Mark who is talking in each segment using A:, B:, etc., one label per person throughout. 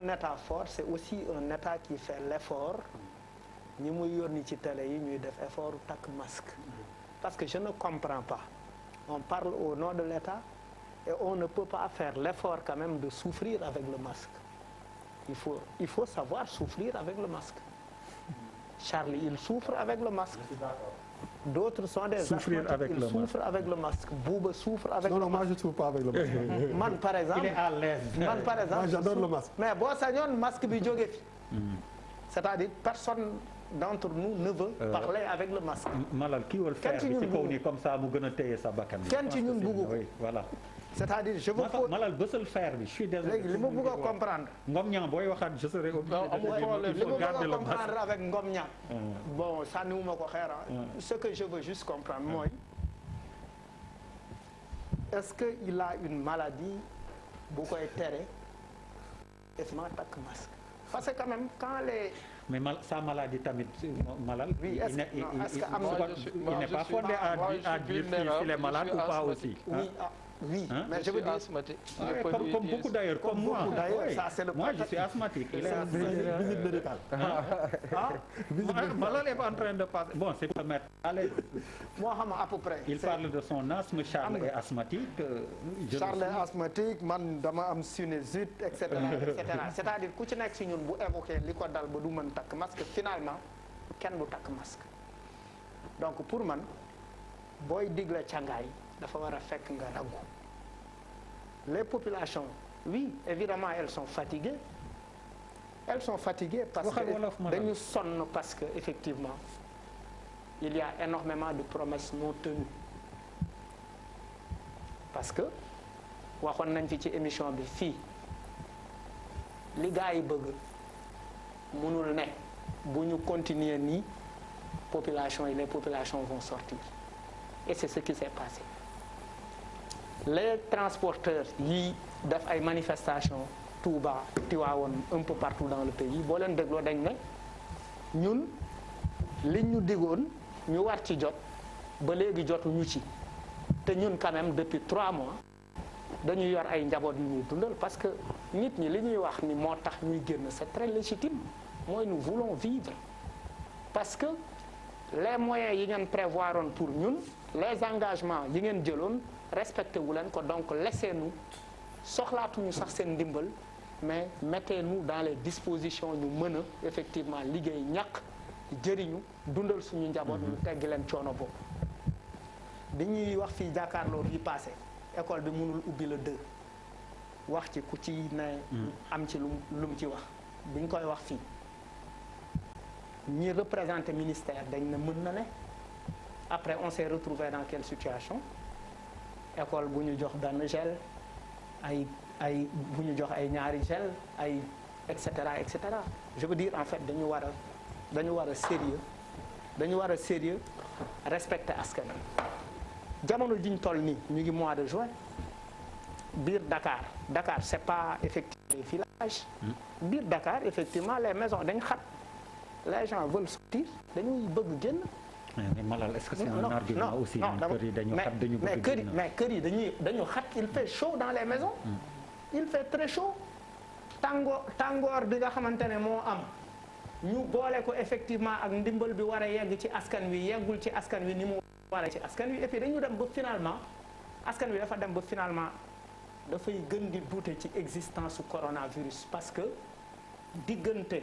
A: Un État fort, c'est aussi un État qui fait l'effort. Ni masque. Parce que je ne comprends pas. On parle au nom de l'État et on ne peut pas faire l'effort quand même de souffrir avec le masque. Il faut, il faut savoir souffrir avec le masque. Charlie, il souffre avec le masque. D'autres sont des Souffrir avec ils le souffrent masque. avec le masque. Bouba souffre avec non, le non, masque. Non, non, moi je ne souffre pas avec le masque. Man, par exemple. Il est à l'aise. Man, par exemple. Moi j'adore le masque. Mais bon, ça y masque bidjogefi. Mm. C'est-à-dire, personne d'entre nous ne veut euh, parler avec le masque. Malal, qui veut le faire C'est comme ça, vous gagner sa bacan. Quand tu nous voilà c'est-à-dire je veux. foofu malal bësal fer mais je suis désolé. Je ne peux pas comprendre. boy, je serai obligé de. Je ne peux pas comprendre avec ngom euh. Bon, bon nous ko xeer ce que je veux juste comprendre euh. moi, est-ce qu'il a une maladie bu koy tere pas le masque parce que quand même quand les. mais sa maladie tamit malade, oui est-ce que il n'est pas fondé à dire s'il est malade ou pas aussi. oui ah. Oui, hein? mais je, veux dire... asthmatique. Ouais, ah, comme, beaucoup d'ailleurs, comme, moi. Ouais. Ça, c'est le moi, je suis asthmatique. Il est Visite médicale. Hein? Ah, ah Malal est en train de passer. Bon, c'est pas mettre à l'aise. Mohamed, à peu près. Il parle de son asthme. Charles est asthmatique. Charles est asthmatique, man, dama am sinusite, etc. Euh. C'est-à-dire, que ci si ñun bu évoquer liko dal ba du mën tak masque finalement ken du tak masque donc pour man booy digle càngaay les populations oui évidemment elles sont fatiguées elles sont fatiguées parce que nous sommes parce que effectivement il y a énormément de promesses non tenues parce que waxoon nañ fi ci émission bi fi li gars bëgg mënul continuer population et les populations vont sortir et c'est ce qui s'est passé les transporteurs ont fait des manifestations Touba Tivaouane un peu partout dans le pays ont nous, ñun ñu ñu ci des ba ñu ci quand même depuis trois mois nous avons ay parce que nous, ñi wax c'est très légitime nous voulons vivre parce que les moyens yi ngeen prévoir pour ñun les engagements yi ngeen jëloon respecté wu leen ko donc laissez-nous soxlaatuñu sax seen ndimbal mais mettez-nous dans les dispositions ñu mën effectivement liggéey ñàkk jëriñu dundal suñu njaboot ñu tegg leen coono boobu bi ñuy wax fii jàkkaarloo bi passé école bi mënul ubbi la deux wax ci ku ci ne hmm. am ci lu lu ci wax biñ koy wax fi ni représenter ministère dañ après on s'est retrouvé dans quelle situation école nous ñu jox d'un gel ay ay bu ñu jox gel ay et cetera je veux dire en fait dañu war dañu sérieux dañu à ce sérieux respecter askan jamono jiñ toll nii ñu ngi mois de juin d'accord Dakar Dakar c'est pas effectivement les villages d'accord mmh. Dakar effectivement les maisons d'un xat les gens veulent sortir dañuy bëgg génn. mais Malal est-ce que c'est un argument aussi. non non hein, kër dañu xat dañu mais yi dañuy dañu xat il fait chaud dans les maisons. Mm. il fait très chaud. tàngoor tàngoor bi nga xamante ne am ñu boole ko effectivement ak ndimbal bi war a yegg ci askan wi yeggul ci askan wi ni mu war ci askan wi et puis dañu dem ba finalement askan wi dafa dem ba finalement dafay gën di douter ci existence coronavirus parce que diggante.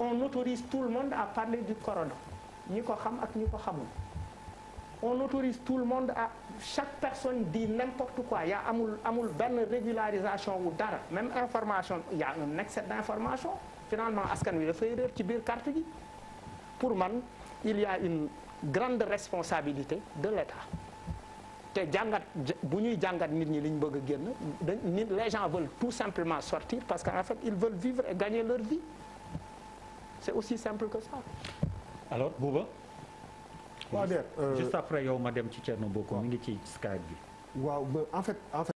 A: on autorise tout le monde à parler du corona on autorise tout le monde à chaque personne dit n'importe quoi Il y a une régularisation ou dara même information y a un excès d'information finalement askan wi dafay erreur ci biir carte pour moi, il y a une grande responsabilité de l'État les gens veulent tout simplement sortir parce qu'en fait ils veulent vivre et gagner leur vie c'est aussi simple que ça. alors Bouba. waaw euh, juste après yow ma dem ci Thierno Bocoum mi ngi ci Skype bi. waaw en fait en fait.